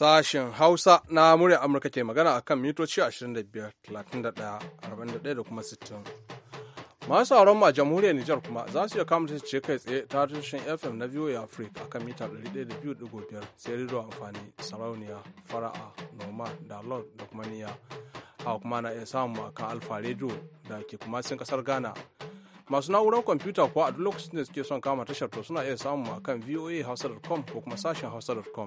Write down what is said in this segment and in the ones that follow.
Sashen Hausa na murya Amurka ke magana a kan mitoci 25, 31, 41 da kuma 60. Masu sauran ma jamhuriyar Nijar kuma za su iya kama ce kai tsaye ta tushen FM na VOA Africa a kan mita 102.5 sai rido amfani sarauniya, fara'a, noma, da lord da kuma niyya. Haka kuma na iya samun a kan Alfa Radio da ke kuma sun kasar Ghana. masu na'urar kwamfuta kuwa a duk lokacin da suke son kama tashar to suna iya samu a kan voahausa.com ko kuma sashen hausa.com.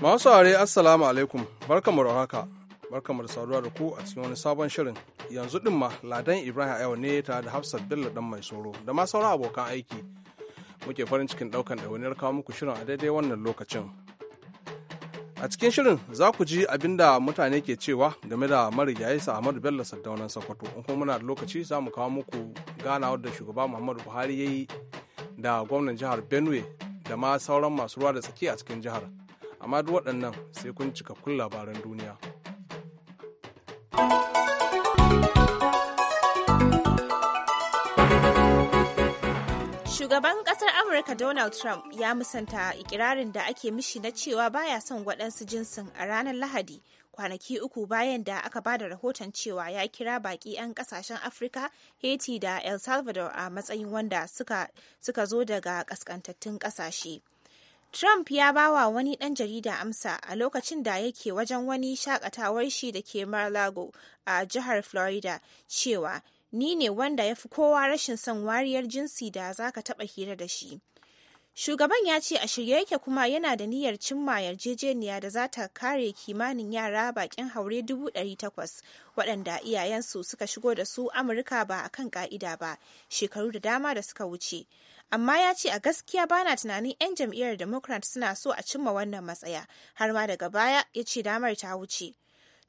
Masu are assalamu alaikum barkamu da haka barkamu da saduwa da ku a cikin wani sabon shirin yanzu din ma ladan Ibrahim yau ne ta da Hafsat Bello dan mai soro da ma sauran abokan aiki muke farin cikin daukan wani kawo muku shirin a daidai wannan lokacin. A cikin shirin za ku ji abin da mutane ke cewa game da marigayi Ahmadu Bello Saddaunan Sokoto in kuma muna da lokaci za mu kawo muku ganawar da shugaba Muhammadu Buhari ya yi da gwamnan jihar Benue da ma sauran masu ruwa da tsaki a cikin jihar. amma duk waɗannan sai kun cikakkun labaran duniya. Shugaban ƙasar Amurka Donald Trump ya musanta ikirarin da ake mishi na cewa baya son waɗansu jinsin a ranar Lahadi kwanaki uku bayan da aka bada rahoton cewa ya kira baƙi 'yan ƙasashen Afirka, Haiti da El Salvador a matsayin wanda suka, suka zo daga ƙasƙantattun ƙasashe. Trump ya bawa wani ɗan jarida amsa a lokacin da yake wajen wani shakatawar shi da ke Mar-a-Lago a jihar Florida cewa, "Ni ne wanda ya fi kowa rashin son wariyar jinsi da za ka taɓa hira da shi." Shugaban ya ce a shirye yake kuma yana da niyyar cimma yarjejeniya da za ta kare kimanin yara bakin haure dubu ɗari takwas, waɗanda iyayensu suka shigo da su Amurka ba a kan ƙa'ida ba shekaru da dama da suka wuce. Amma ya ce a gaskiya bana tunanin 'yan jam'iyyar Democrat suna so a cimma wannan matsaya har ma daga baya ya ce damar ta wuce.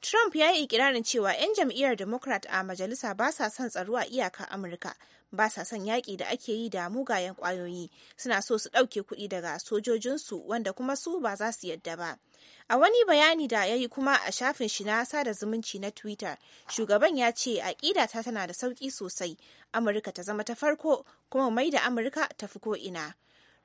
Trump ya yi ikirarin cewa 'yan jam'iyyar Democrat a majalisa ba sa son tsaro a iyaka Amurka ba sa son yaƙi da ake yi da mugayen ƙwayoyi suna so su ɗauke kuɗi daga sojojinsu wanda kuma su ba za su yadda ba a wani bayani da ya yi kuma a shafin shi na sada zumunci na twitter shugaban ya ce aƙida ta tana da sauƙi sosai amurka ta zama ta farko kuma mai da amurka ta fi ko'ina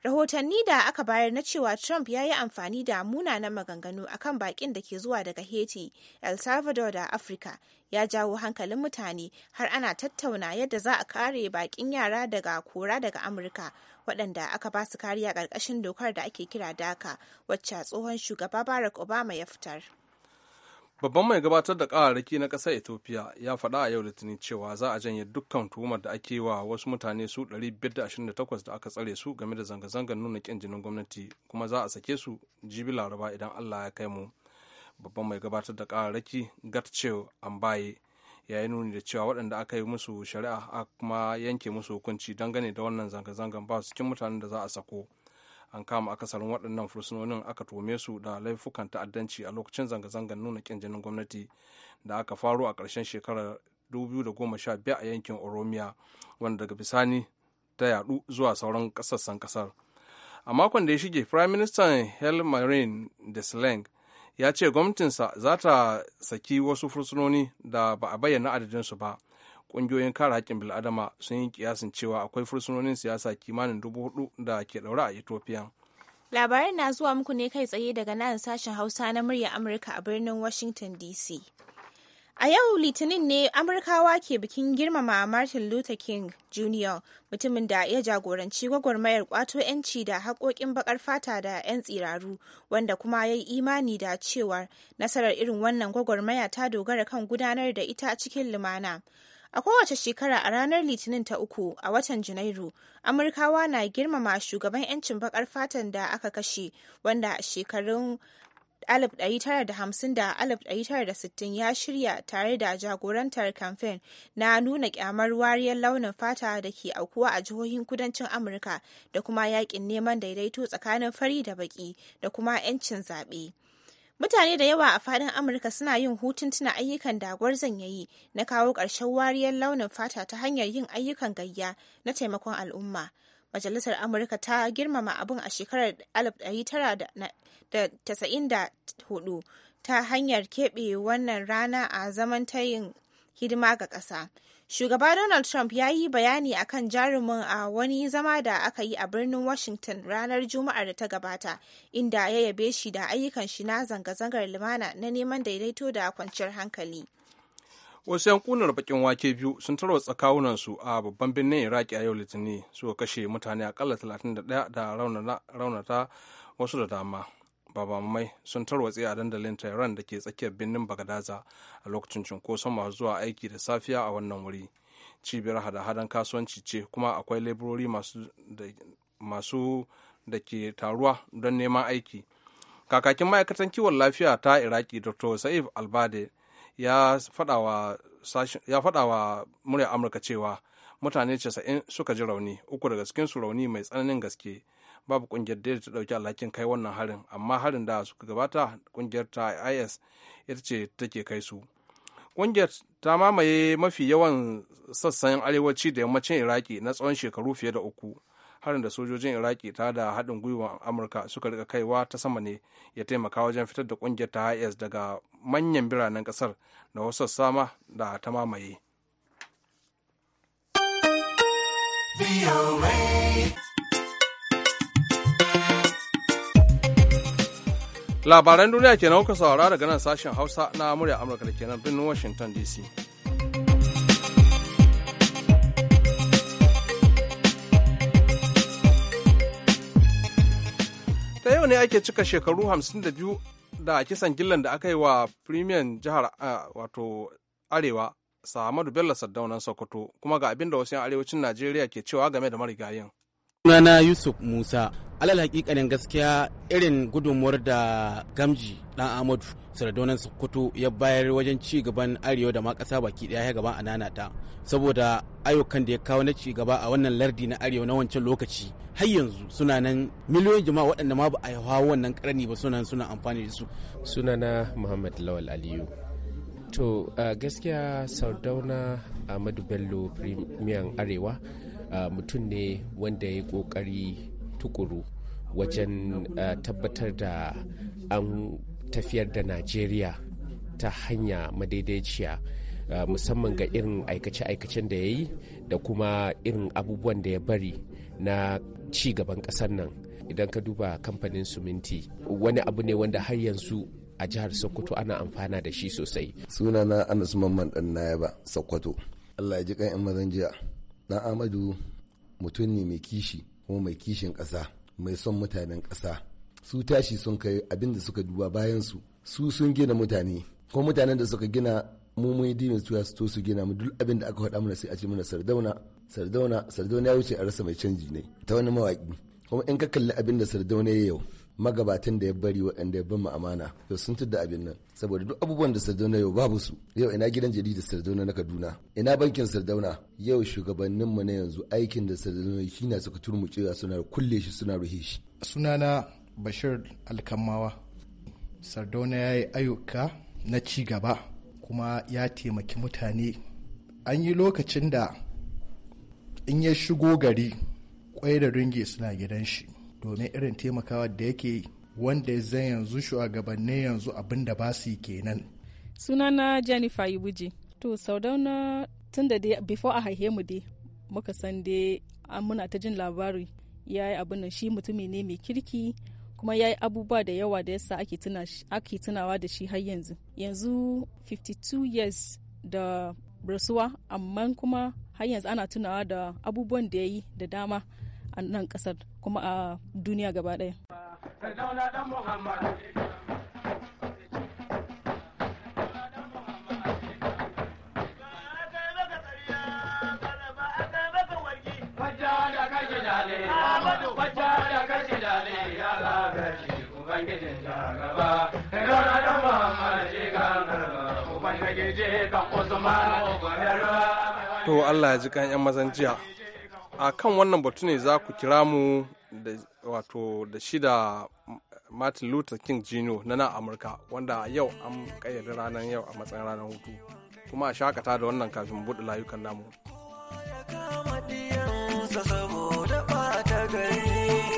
rahotanni da aka bayar na cewa trump ya yi amfani da munanan maganganu akan bakin da ke zuwa daga haiti el salvador da afirka ya jawo hankalin mutane har ana tattauna yadda za a kare bakin yara daga kora daga amurka waɗanda aka ba su kariya ƙarƙashin dokar da ake kira daka wacce tsohon shugaba barack obama ya fitar babban mai gabatar da kararraki na ƙasar ethiopia ya faɗa a yau litinin cewa za a janye dukkan tuhumar da ake wa wasu mutane su 528 da aka tsare su game da zanga-zangar nuna ƙin jinin gwamnati kuma za a sake su jibi laraba idan allah ya kai mu babban mai gabatar da kararraki garcew ambaye ya yi nuni da cewa waɗanda aka yi musu shari'a kuma yanke musu hukunci dangane da wannan zanga zangar ba su cikin mutanen da za a sako an kama akasarin waɗannan fursunonin aka tome su da laifukan ta'addanci a lokacin zanga-zangar nuna ƙin jinin gwamnati da aka faru a ƙarshen shekarar 2015 a yankin oromiya wanda daga bisani ta yaɗu zuwa sauran ƙasassan ƙasar a makon da ya shige prime minister hel marin sleng ya ce gwamnatinsa za ta saki wasu fursunoni da ba a bayyana adadinsu ba ƙungiyoyin kare haƙƙin bil'adama sun yi kiyasin cewa akwai fursunonin siyasa kimanin dubu hudu da ke ɗaure a ethiopia labarai na zuwa muku ne kai tsaye daga nan sashen hausa na murya amurka a birnin washington dc A yau Litinin ne Amurkawa ke bikin girmama Martin Luther King Jr. mutumin da ya jagoranci gwagwarmayar kwato 'yanci da haƙoƙin baƙar fata da 'yan tsiraru wanda kuma ya yi imani da cewar nasarar irin wannan gwagwarmaya ta dogara kan gudanar da ita cikin lumana. A kowace shekara a ranar Litinin ta uku a watan Janairu, Amurkawa na girmama shugaban 'yancin baƙar fatan da aka kashe wanda a shekarun 1950 da 1960 ya shirya tare da jagorantar kamfen na nuna kyamar wariyar launin fata da ke aukuwa a jihohin kudancin amurka da kuma yakin neman daidaito tsakanin fari da baki da kuma 'yancin zaɓe. Mutane da yawa a fadin Amurka suna yin hutun tuna ayyukan da gwarzon yi na kawo ƙarshen wariyar launin fata ta hanyar yin ayyukan gayya na taimakon al'umma. Majalisar Amurka ta girmama abin a shekarar 1994 ta hanyar keɓe wannan rana a zaman ta yin hidima ga ƙasa. Shugaba Donald Trump ya yi bayani a kan jarumin a wani zama da aka yi a birnin Washington ranar Juma'ar da ta gabata, inda ya yabe shi da ayyukan shi na zanga-zangar lumana na neman daidaito da kwanciyar hankali. Wasu yankunan bakin wake biyu sun tarwatsa kawunansu a babban birnin Iraki a yau Litinin suka kashe mutane akalla 31 da raunata wasu da dama. babamai sun tarwatse a dandalin tehran da ke tsakiyar birnin bagadaza a lokacin cunkoson masu zuwa aiki da safiya a wannan wuri cibiyar hada-hadan kasuwanci ce kuma akwai leburori masu da ke taruwa don neman aiki kakakin ma'aikatan kiwon lafiya ta iraki dr sa'if albade ya faɗa wa murya amurka cewa mutane 90 suka ji rauni uku daga cikinsu rauni mai tsananin gaske babu kungiyar da ta dauki alhakin kai wannan harin amma harin da suka gabata kungiyar ta is ita ce take kai su kungiyar ta mamaye mafi yawan sassan arewaci da yammacin iraki na tsawon shekaru fiye da uku harin da sojojin iraki ta da haɗin gwiwa amurka suka rika kaiwa ta sama ne ya taimaka wajen fitar da kungiyar ta is daga manyan biranen ƙasar da wasu sama da ta mamaye. labaran duniya ke nan kuka saurara daga nan sashen hausa na murya amurka da kenan birnin washington dc ta yau ne ake cika shekaru 52 da kisan gillan da aka yi wa firimiyan jihar wato arewa Samadu Bello Saddaunan Sokoto kuma ga abin da wasu 'yan arewacin Najeriya ke cewa game da marigayin. Sunana Yusuf Musa alal hakikanin gaskiya irin gudunmuwar da gamji dan amadu sardonan sokoto ya bayar wajen ci gaban arewa da ma kasa baki daya ya gaban ananata saboda ayyukan da ya kawo na ci gaba a wannan lardi na arewa na wancan lokaci har yanzu suna nan miliyoyin jama'a waɗanda ma ba a yi wannan karni ba suna suna amfani da su sunana muhammad lawal aliyu to gaskiya sardauna amadu bello premier arewa mutum ne wanda ya yi kokari tukuru wajen eh, tabbatar da an tafiyar da najeriya ta hanya madaidaiciya eh, musamman ga irin aikace-aikacen da ya yi da kuma irin abubuwan da ya bari na ci gaban ƙasar nan idan ka duba kamfanin suminti wani abu ne wanda har yanzu a jihar sokoto ana amfana da shi sosai sunana anas mamman dan yaba sokoto allah ya ji kan yan mazan jiya dan amadu mutum ne mai kishi kuma mai kishin ƙasa mai son mutanen ƙasa su tashi sun kai abin da suka duba bayan su su sun gina mutane ko mutanen da suka gina mu mun yi su to su gina mu duk abin da aka faɗa mana sai a ce mana sardauna sardauna sardauna ya wuce a rasa mai canji ne ta wani mawaƙi kuma in ka kalli abin da sardauna ya yau magabatan da ya bari waɗanda ya bin mu amana to sun tudda abin nan saboda duk abubuwan da sardauna yau babu su yau ina gidan jaridar sardauna na kaduna ina bankin sardauna yau shugabannin mu na yanzu aikin da sardauna shi na suka turmucewa suna kulle shi suna ruhe shi sunana bashir alkamawa sardauna ya yi ayyuka na ci gaba kuma ya taimaki mutane an yi lokacin da in ya shigo gari kwai da ringe suna gidan shi domin irin taimakawa da yake wanda zai yanzu shugabanni yanzu abin da ba su kenan. sunana jennifer ibuji to saudauna tun da dai before a haihe mu dai muka san dai muna ta jin labari ya yi abin nan shi mutumi ne mai kirki kuma ya yi abubuwa da yawa da yasa ake tunawa da shi har yanzu yanzu 52 years da rasuwa amma kuma har yanzu ana tunawa da abubuwan da ya yi da dama a nan kasar kuma a duniya gaba ɗaya. To Allah ya ji kan 'yan mazan jiya. a kan wannan batu ne za ku kira mu da wato da shida martin luther king jr na nan amurka wanda yau an kayyade ranar yau a matsayin ranar hutu kuma a shakata da wannan kafin buɗe layukan namu saboda ɓata gari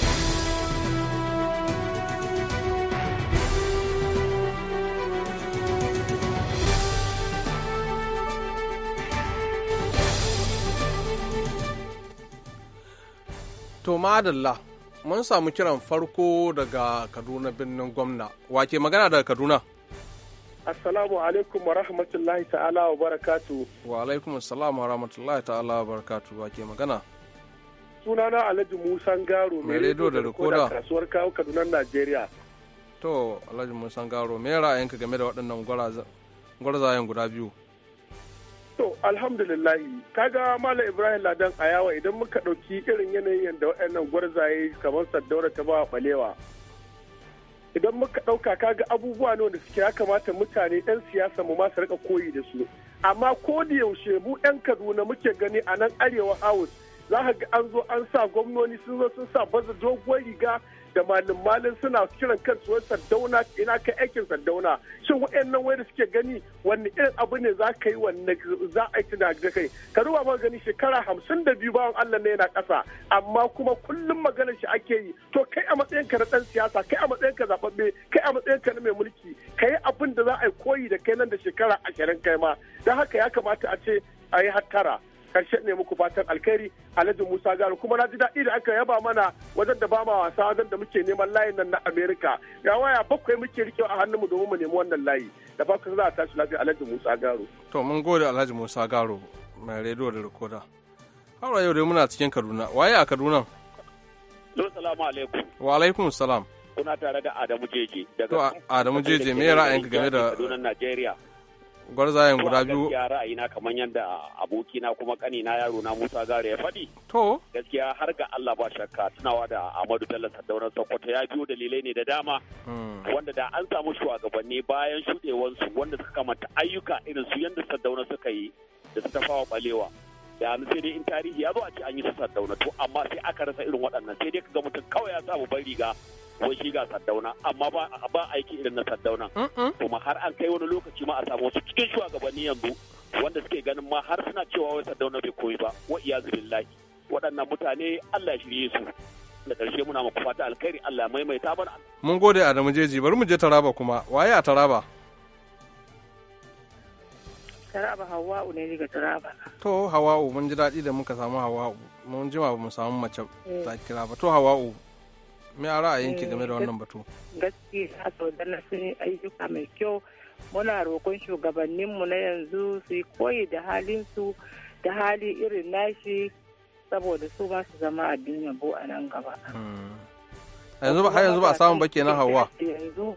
To madalla mun samu kiran farko daga Kaduna birnin gwamna. Wake magana daga Kaduna? Assalamu alaikum wa rahmatullahi ta'ala wa barakatu. Wa alaikum assalamu wa rahmatullahi ta'ala wa barakatu. Wake magana? Sunana Alhaji Musa Garo mai rediyo da rikoda kasuwar kawo Kaduna Najeriya. To Alhaji Musa Garo me ra'ayinka game da waɗannan gwarzayen guda biyu? To alhamdulillahi kaga Malam Ibrahim Ladan Ayawa idan muka ɗauki irin yanayin yadda waɗannan gwarzaye kamar Saddaura ta ba balewa. Idan muka ɗauka kaga abubuwa nawa da suke ya kamata mutane 'yan siyasa mu masu rika koyi da su. Amma ko da yaushe mu 'yan Kaduna muke gani a nan Arewa House za ga an zo an sa gwamnoni sun zo sun sa baza doguwar riga da malin malin suna kiran kansu wai sardauna ina ka aikin sardauna shin wa'annan wai da suke gani wani irin abu ne za ka yi wani za a yi da kai ka ruwa ma gani shekara hamsin da biyu bawan Allah ne yana ƙasa amma kuma kullum maganar shi ake yi to kai a matsayin ka na ɗan siyasa kai a matsayin ka zaɓaɓɓe kai a matsayin ka na mai mulki ka yi abin da za a yi koyi da kai nan da shekara ashirin kai ma don haka ya kamata a ce a yi hattara karshen ne muku fatan alkhairi alhaji musa garo kuma na ji daɗi da aka yaba mana wajen da ba ma wasa wajen da muke neman layin nan na amerika ga waya bakwai muke rikewa a hannunmu domin mu nemi wannan layi da fatan za a tashi lafiya alhaji musa garo. to mun gode alhaji musa garo mai rediyo da rikoda. har yau dai muna cikin kaduna waye a kaduna. salamu alaikum. wa alaikum salam. kuna tare da adamu jeje. to adamu jeje me ra'ayinka game da. kaduna najeriya. gwarzayen guda biyu gaskiya ra'ayina kamar yadda abokina kuma kanina yaro na Musa Gare ya faɗi to gaskiya har ga Allah ba shakka tunawa da Ahmadu Bello Sadaura Sokoto ya biyo dalilai ne da dama hmm. wanda da an samu shugabanni bayan shudewansu wanda suka kamata ayyuka irin su yadda Sadaura suka yi da su tafawa balewa da sai dai in tarihi ya zo a ce an yi su sardauna to amma sai aka rasa irin waɗannan sai dai ka ga mutum kawai ya samu ban riga wai shi ga sardauna amma ba aiki irin na sardauna kuma har an kai wani lokaci ma a samu wasu cikin shugabanni yanzu wanda suke ganin ma har suna cewa wai sardauna bai koyi ba wa iyazu billahi waɗannan mutane Allah shirye su da ƙarshe muna fata alkhairi Allah maimaita bana mun gode Adamu Jeji bari mu je Taraba kuma waye a Taraba Taraba Hawa'u ne daga Taraba. To Hawa'u mun ji daɗi da muka samu Hawa'u mun jima ba mu samu mace eh. ta kira ba to Hawa'u me a yanki eh, game da wannan batu? Gaskiya saudana sun yi ayyuka mai kyau muna roƙon shugabanninmu na yanzu su yi koyi da halinsu da hali irin nashi saboda su ba su zama a duniya bo a nan gaba. Hmm. Yanzu ba a yanzu ba samun ba na Hawa. Yanzu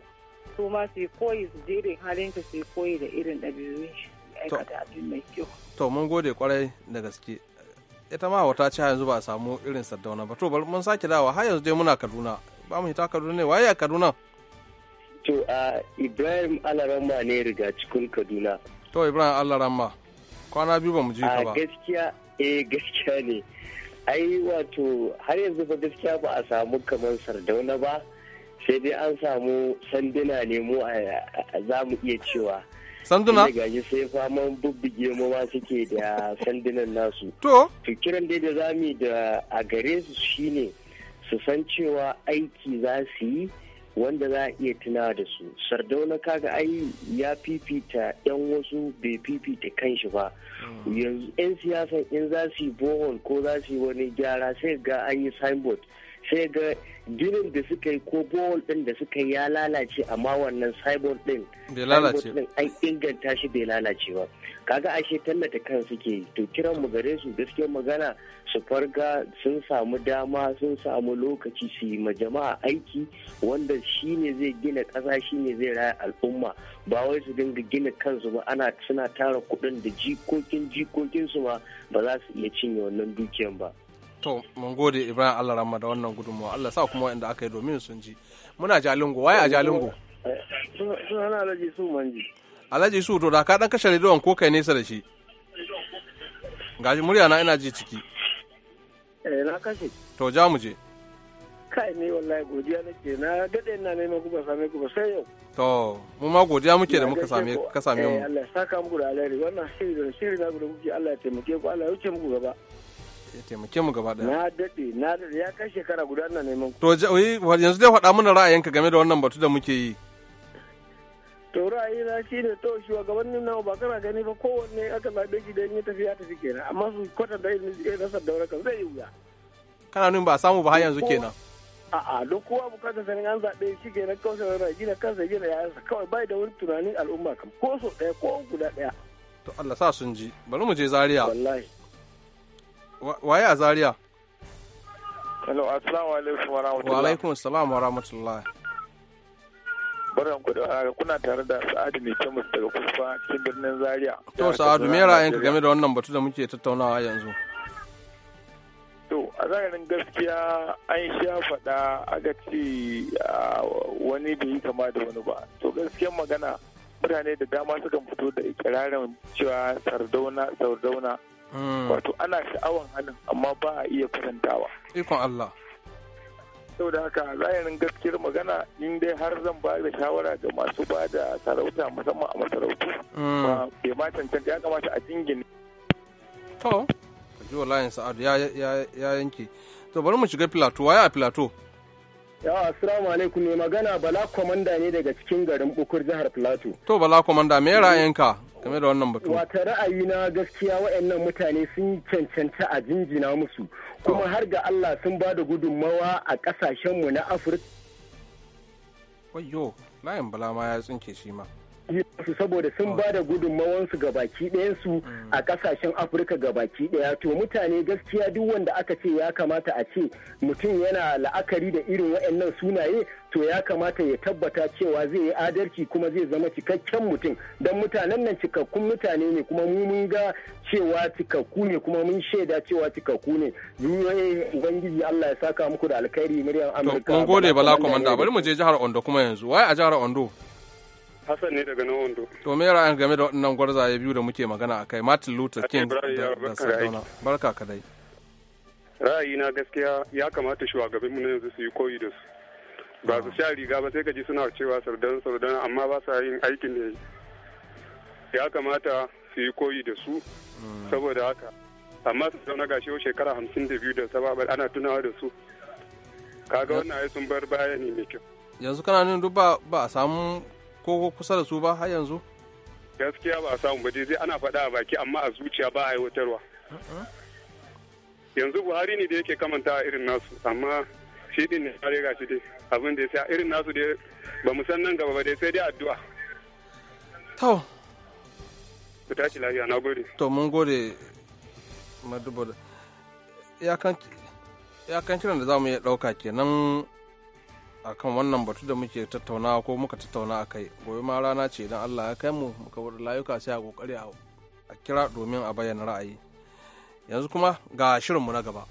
su ma su yi koyi su je irin su yi koyi da irin ɗabi'un shi. aikata abin mai kyau to mun gode kwarai da gaske ita ma wata ce yanzu ba a samu irin sardauna ba to bari mun sake dawa har yanzu dai muna kaduna ba mu hita kaduna ne waye a kaduna to a ibrahim alaramma ne riga cikin kaduna to ibrahim alaramma kwana biyu ba mu ji ka ba gaskiya eh gaskiya ne ai wato har yanzu ba gaskiya ba a samu kamar sardauna ba sai dai an samu sanduna ne mu eh, za mu iya cewa sanduna shi sai faman bubbuge mu ma suke da sandunan nasu to fikiran kiran dai da zami da a gare su shine su san cewa aiki za su yi wanda za a iya tuna da su sardauna kaga ai ya fifita yan wasu bai fifita kanshi ba hmm. yanzu yan siyasa in za su yi bohol ko za su yi wani gyara sai ga an yi signboard sai ga ginin da suka yi ko bowl din da suka yi ya lalace amma wannan cyborg din an inganta shi bai lalace ba kaga ashe tallata kan suke to kiran mu gare su gaskiyar magana su farga sun samu dama sun samu lokaci su yi ma jama'a aiki wanda shine zai gina ƙasa shine zai raya al'umma ba wai su dinga gina kansu ba ana suna tara kuɗin da jikokin jikokinsu su ma ba za su iya cinye wannan dukiyan ba to mun gode ibrahim allah rama da wannan gudunmawa allah sa kuma wa'anda aka yi domin sun ji muna jalingo waye a jalingo sunana alhaji su manji alhaji su to da ka dan kashe rediyon ko kai nesa da shi gashi murya na ina ji ciki eh na kashe to ja mu je kai ne wallahi godiya nake na dade ina neman na ba same ku ba sai yau to mu ma godiya muke da muka same ka same mu eh, Allah saka muku da alheri wannan shiri da shiri na gudu kuke Allah ya taimake ku Allah ya wuce muku gaba ya taimake mu gaba daya na daɗe na daɗe ya kai shekara guda ina neman ku to yanzu dai faɗa mana ra'ayinka game da wannan batu da muke yi to ra'ayi na shi ne to shi wa gaban nuna ba kana gani ba kowanne aka zaɓe shi da ya tafiya ta tafi kenan amma su kwata da irin da nasar daura kan zai yi wuya kana nuna ba a samu ba har yanzu kenan a'a don kowa bukatar sanin an zaɓe shi kenan kawai sai rana gina kansa gina yayansa kawai bai da wani tunanin al'umma kam ko so ɗaya ko guda ɗaya to Allah sa sun ji bari mu je Zaria wallahi waye a Zaria? Hello, assalamu alaikum wa rahmatullahi. Wa alaikum assalam wa rahmatullahi. Baran ku da kuna tare da Sa'adu ne kemis daga Kufa cikin birnin Zaria. To Sa'adu me ra'ayinka game da wannan batu da muke tattaunawa yanzu? To a zahirin gaskiya an sha faɗa aka ce wani bai yi kama da wani ba. To gaskiyan magana mutane da dama sukan fito da ikirarin cewa sardauna sardauna Hmm. wato ana sha'awan hannun amma ba a iya kwatantawa ikon Allah da haka zahirin gaskiyar magana in dai har zan ba da shawara ga masu ba da sarauta musamman a masarautu hmm. ba ma cancanta ya kamata a jingine to ji layin sa'adu ya yanke to bari mu shiga filato waya a filato yawa assalamu alaikum ne magana bala komanda ne daga cikin garin bukur jihar filato to bala komanda me ra'ayinka game da wannan batu wata ra'ayi na gaskiya waɗannan mutane sun cancanta a jinjina musu kuma har ga Allah sun ba da gudunmawa a ƙasashenmu na Afirka. wayo layin bala ma ya tsinke shi ma. su saboda sun oh. ba da gudunmawansu ga baki ɗayansu mm. a kasashen afirka ga baki daya to mutane gaskiya duk wanda aka ce ya kamata a ce mutum yana la'akari da irin waɗannan sunaye to ya kamata ya tabbata cewa zai yi adalci kuma zai zama cikakken mutum don mutanen nan cikakkun mutane ne kuma mu mun ga cewa cikakku ne kuma mun shaida cewa cikakku ne zuwaye ubangiji Allah ya saka muku da alkhairi muryan Amurka. To mun gode bala komanda bari mu je jihar Ondo kuma yanzu waye a jihar Ondo. Hassan ne daga nan wando. To me ra'ayin game da waɗannan gwarzaye biyu da muke magana a kai. Martin Luther King da Sardauna. Barka ka dai. Ra'ayina gaskiya ya kamata shugabanninmu na yanzu su yi koyi da su. Ba su sha riga ba sai ka ji suna cewa sardan sardan amma ba sa yin aikin da ya kamata su yi koyi da su mm. saboda haka. Amma zauna gashi yau shekara hamsin da biyu da saba ana tunawa da su. Kaga wannan ai sun bar baya ne mai kyau. Yanzu kana nuna duk ba a samu ko kusa da su ba har yanzu gaskiya ba a samu ba dai ana faɗa a baki amma a zuciya ba a aiwatarwa yanzu buhari ne da yake kamanta irin nasu amma shi din ne kare ga shi dai abin da ya sai irin nasu dai ba mu san nan gaba ba dai sai dai addu'a to ku tashi lafiya na gode to mun gode madubo ya kan kiran da za mu iya ɗauka kenan a kan wannan batu da muke tattaunawa ko muka tattauna a kai gobe ma rana ce idan allah ya kai mu muka wadda layuka sai a kokari a kira domin a bayyana ra'ayi yanzu kuma ga shirinmu na gaba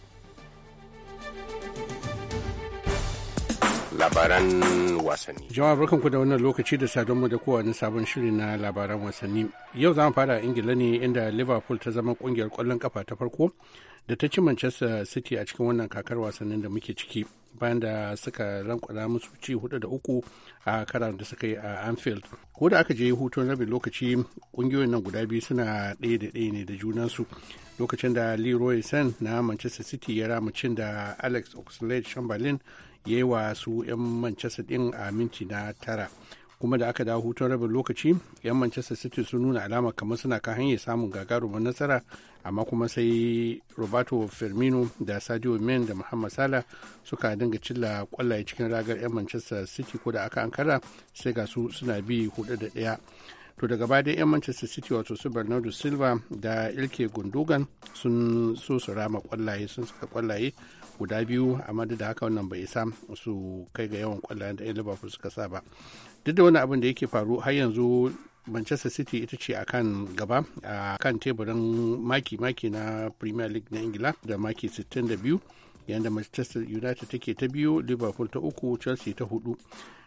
labaran wasanni. Jama'a barkanku da wannan lokaci da mu da kowane sabon shiri na labaran wasanni. Yau za mu fara a Ingila ne inda Liverpool ta zama kungiyar kwallon kafa ta farko da ta ci Manchester City a cikin wannan kakar wasannin da muke ciki bayan da suka rankwada musu ci hudu da uku a karan da suka yi a Anfield. Ko da aka je hutun rabin lokaci kungiyoyin nan guda biyu suna ɗaya da ɗaya ne da junansu lokacin da Leroy Sen na Manchester City ya ramu cin da Alex Oxlade-Chamberlain yi wa su 'yan manchester din a minti na tara kuma da aka dawo hutun rabin lokaci 'yan manchester city sun nuna alama kamar suna kan hanyar samun gagarumin nasara amma kuma sai roberto firmino da sadio men da muhammad sala suka dinga cilla kwallaye cikin ragar 'yan manchester city ko da aka ankara sai ga su suna bi hudu da daya to daga baya dai 'yan manchester city wato su bernardo silva da ilke gundogan sun so su rama kwallaye sun saka kwallaye guda biyu amma duk da haka wannan bai isa su kai ga yawan kwallayen da liverpool suka sa ba duk da wani abin da yake faru har yanzu manchester city ita ce a kan gaba a kan teburin maki-maki na premier league na ingila da maki 62 yadda manchester united take ta biyu liverpool ta uku chelsea ta hudu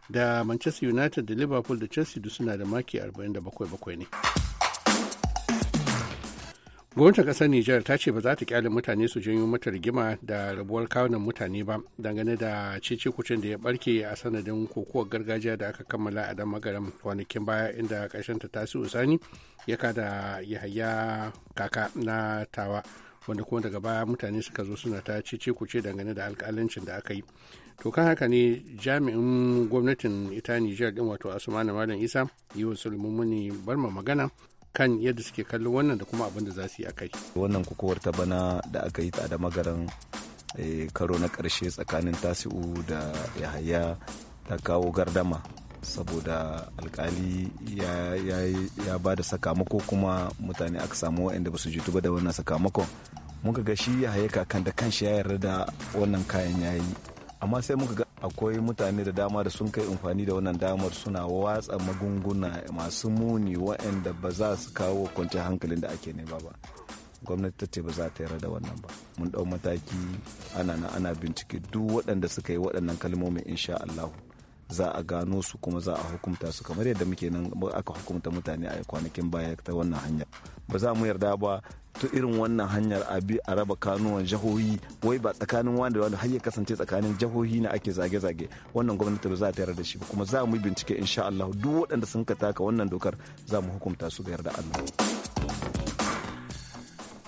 da manchester united da liverpool da chelsea duk suna da maki 47 ne. gwamnatin kasar niger ta ce ba za ta kyale mutane su janyo mata rigima da rabuwar kawunan mutane ba dangane da cece-kucin da ya barke a sanadin kokowar gargajiya da aka kammala a dan magaram kwanakin baya inda karshen ta tasi usani ya kada yahaya kaka na tawa wanda kuma daga baya mutane suka zo suna ta cece-kuce dangane da alkalancin da aka yi to kan haka ne jami'in gwamnatin ita niger din wato asuma malam isa yi wa sulmumuni barma magana kan yadda suke kallon wannan da kuma abin da za su yi a kai. Wannan kukuwar ta bana da aka yi ta da magaran eh, karo na karshe tsakanin tasi'u da yahaya ta kawo gardama saboda alkali ya ba da sakamako kuma mutane aka samu waɗanda ba su jitu ba da wannan sakamakon muka ga shi yahaya kakan da shi ya yarda da wannan kayan yayi amma sai muka ga akwai mutane da dama da sun kai amfani da wannan damar suna watsa magunguna masu muni waɗanda ba za su kawo kwanciyar hankalin da ake nema ba gwamnati ta ce ba za ta yarda da wannan ba mun ɗau mataki ana na ana bincike duk waɗanda suka yi waɗannan kalmomin insha Allah za a gano su kuma za a hukunta su kamar yadda muke nan aka hukunta mutane a kwanakin baya ta wannan hanyar ba za mu yarda ba ta irin wannan hanyar abi a raba kanuwan jihohi wai ba tsakanin wanda wanda har ya kasance tsakanin jihohi na ake zage-zage wannan gwamnati ba za ta yarda da shi kuma za mu yi bincike insha Allah duk waɗanda sun ka taka wannan dokar za mu hukunta su ga yarda Allah.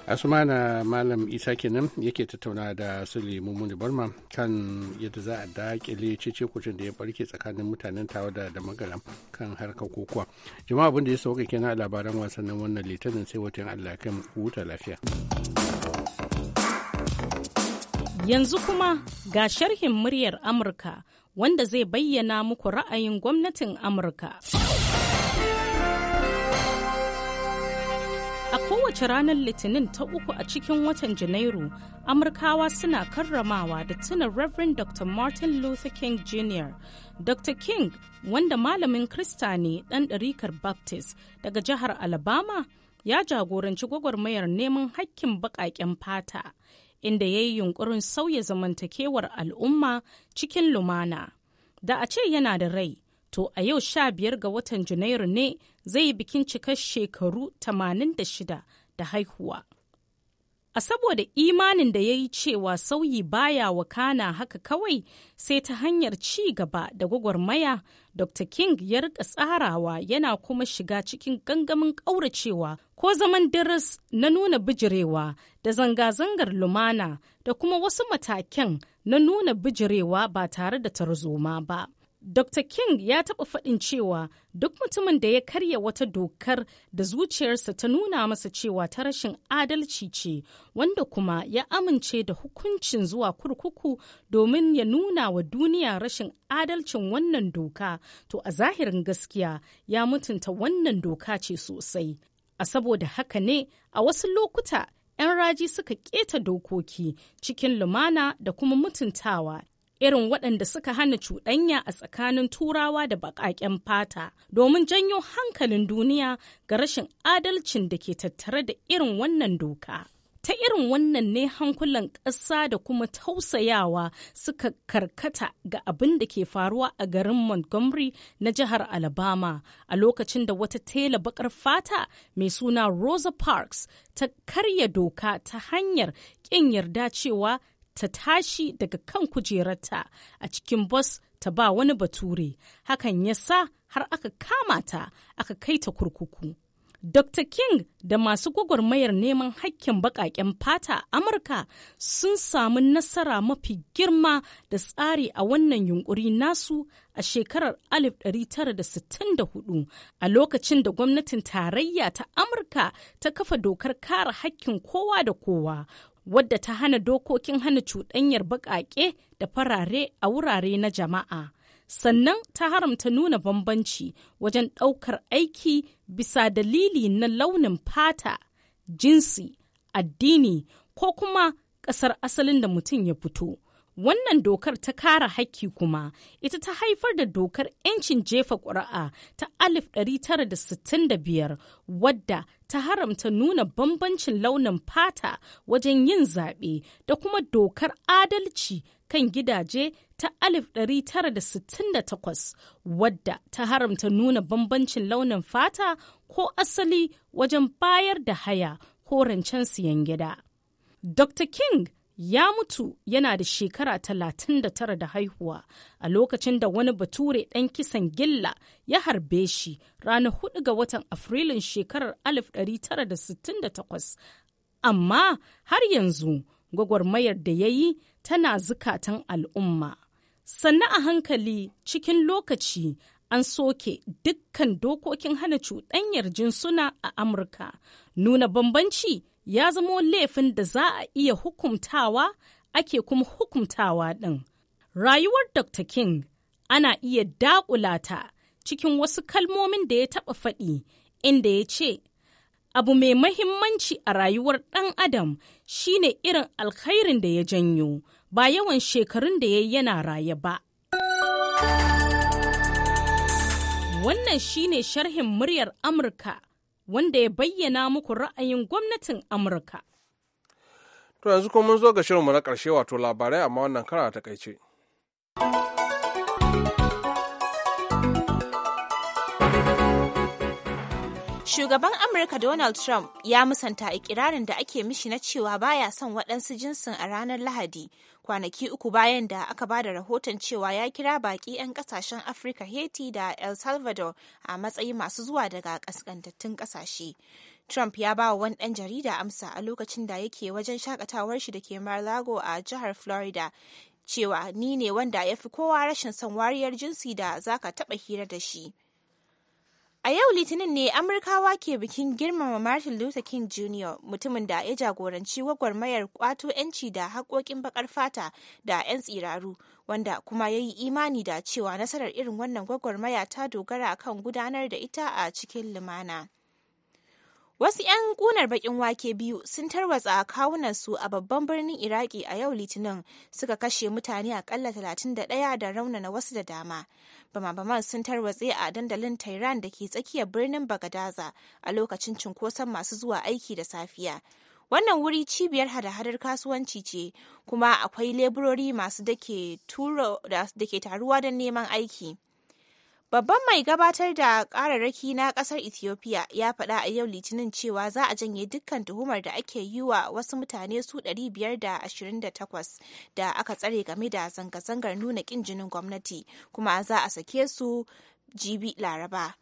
asumana malam isa kenan yake tattauna da sule mummuni barma kan yadda za a dakile cece kucin da ya barke tsakanin mutanen tawa da da kan harkar kokowa jama'a abin ya sauka kenan a labaran wasannin wannan litinin sai watan allah kan huta lafiya yanzu kuma ga sharhin muryar amurka wanda zai bayyana muku ra'ayin gwamnatin amurka. A kowace ranar Litinin ta uku a cikin watan Janairu, Amurkawa suna karramawa da tuna Reverend Dr. Martin Luther King Jr. Dr. King, wanda malamin Krista ne ɗan ɗarikar Baptist daga jihar Alabama, ya jagoranci gwagwarmayar neman hakkin baƙaƙen fata, inda ya yi yunƙurin sauya zamantakewar al'umma cikin lumana. Da a ce yana da rai. to a yau sha biyar ga watan Janairu ne zai yi bikin cikar shekaru 86 da haihuwa. A saboda imanin da ya yi cewa sauyi baya wakana haka kawai sai ta hanyar ci gaba da gwagwarmaya, Dr. King ya rika tsarawa yana kuma shiga cikin gangamin ƙauracewa ko zaman daras na nuna bijirewa da zanga-zangar lumana da kuma wasu mataken na nuna bijirewa ba tare da tarzoma ba. Dr. King ya taɓa faɗin cewa duk mutumin da ya karya wata dokar da zuciyarsa ta nuna masa cewa ta rashin adalci ce wanda kuma ya amince da hukuncin zuwa kurkuku domin ya nuna wa duniya rashin adalcin wannan doka to a zahirin gaskiya ya mutunta wannan doka ce sosai. A saboda haka ne a wasu lokuta 'yan raji suka keta dokoki cikin lumana da kuma mutuntawa irin waɗanda suka hana cuɗanya a tsakanin turawa da baƙaƙen fata domin janyo hankalin duniya ga rashin adalcin da ke tattare da irin wannan doka. Ta irin wannan ne hankulan ƙasa da kuma tausayawa suka karkata ga abin da ke faruwa a garin Montgomery na jihar Alabama a lokacin da wata tela baƙar fata mai suna Rosa Parks ta karya doka ta hanyar ƙin yarda cewa ta tashi daga kan kujerarta a cikin bus ta ba wani bature hakan ya sa har aka kama ta aka kai ta kurkuku. Dr. King da masu gwagwarmayar neman hakkin baƙaƙen fata a Amurka sun samu nasara mafi girma da tsari a wannan yunkuri nasu a shekarar 1964 a lokacin da gwamnatin tarayya ta Amurka ta kafa dokar kare hakkin kowa da kowa wadda ta hana dokokin hana cuɗanyar baƙaƙe da farare a wurare na jama'a. Sannan ta haramta nuna bambanci wajen ɗaukar aiki bisa dalili na launin fata, jinsi, addini ko kuma ƙasar asalin da mutum ya fito. Wannan dokar ta kara haƙƙi kuma ita ta haifar da dokar 'yancin jefa ƙuri'a ta 1965 wadda ta haramta nuna bambancin launin fata wajen yin zaɓe da kuma dokar adalci kan gidaje ta 1968 wadda ta haramta nuna bambancin launin fata ko asali wajen bayar da haya ko rancen siyan gida. Dr. King ya mutu yana da shekara talatin da tara da haihuwa a lokacin da wani bature ɗan kisan gilla ya harbe shi ranar huɗu ga watan afrilun shekarar 1968 amma har yanzu gwagwarmayar da ya yi tana zukatan al'umma sannu a hankali cikin lokaci an soke dukkan dokokin hana cuɗanyar jinsuna a amurka nuna bambanci ya zamo laifin da za a iya hukumtawa ake kuma hukumtawa ɗin. Rayuwar Dr. King ana iya daƙula ta cikin wasu kalmomin da ya taɓa faɗi inda ya ce, Abu mai mahimmanci a rayuwar ɗan Adam shine irin alkhairin da ya janyo, ba yawan shekarun da ya yana raya ba. Wannan shine sharhin muryar Amurka wanda ya bayyana muku ra'ayin gwamnatin Amurka. To yanzu kuma mun zo ga shirinmu na ƙarshe wato labarai amma wannan kara ta kaice. thank you Shugaban Amurka Donald Trump ya musanta ikirarin da ake mishi na cewa baya son waɗansu jinsin a ranar Lahadi, kwanaki uku bayan da aka ba da rahoton cewa ya kira baƙi 'yan ƙasashen Afirka Haiti da El Salvador a matsayi masu zuwa daga ƙasƙantattun ƙasashe. Trump ya ba wani ɗan jarida amsa a lokacin da yake wajen shakatawar shi da ke mar a a jihar Florida. cewa ni ne wanda ya fi kowa rashin son wariyar jinsi da zaka taɓa hira da shi. A yau Litinin ne Amurkawa ke bikin girmama Martin Luther King Jr. mutumin da ya jagoranci gwagwarmayar kwato 'yanci da haƙoƙin baƙar fata da 'yan tsiraru, wanda kuma ya yi imani da cewa nasarar irin wannan gwagwarmaya ta dogara kan gudanar da ita a cikin lumana. Wasu 'yan kunar bakin wake biyu sun tarwatsa kawunansu a babban birnin Iraki a yau Litinin suka kashe mutane akalla 31 da rauna na wasu da dama. Bama-baman sun tarwatse a dandalin Tehran da ke tsakiyar birnin Bagadaza a lokacin cunkoson masu zuwa aiki da safiya. Wannan wuri cibiyar hada-hadar kasuwanci ce, kuma akwai leburori masu da ke taruwa don neman aiki. Babban mai gabatar da kararraki na kasar Ethiopia ya faɗa a yau Litinin cewa za a janye dukkan tuhumar da ake yi wa wasu mutane su 528 da aka tsare game da zanga-zangar nuna ƙin jinin gwamnati kuma za a sake su jibi laraba.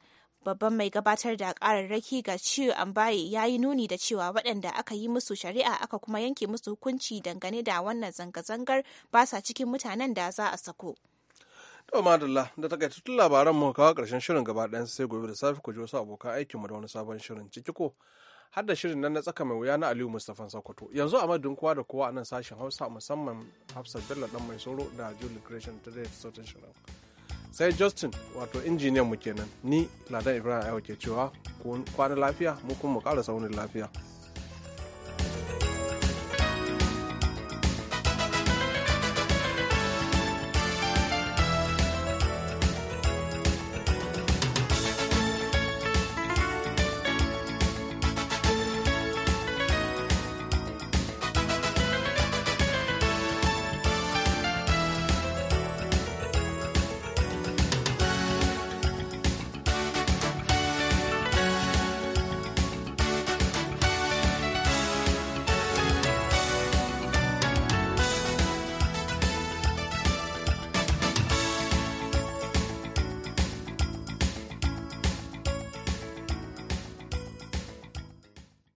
babban mai gabatar da kararraki ga ciwo ambaye ya yi nuni da cewa waɗanda aka yi musu shari'a aka kuma yanke musu hukunci dangane da wannan zanga-zangar ba sa cikin mutanen da za a sako. To madalla da takaitattun labaran mu kawo karshen shirin gaba ɗayan sai gobe da safe ku ji wasu abokan aikin mu da wani sabon shirin ciki ko har da shirin nan na tsaka mai wuya na Aliyu Mustapha Sokoto. Yanzu a madadin kowa da kowa a nan sashen Hausa musamman hafsa Bello dan mai soro da Julie Creation ta da sautin shirin. Sai Justin wato injiniyan mu kenan ni Ladan Ibrahim Ayo ke cewa kwana lafiya mu kuma mu ƙara saunin lafiya.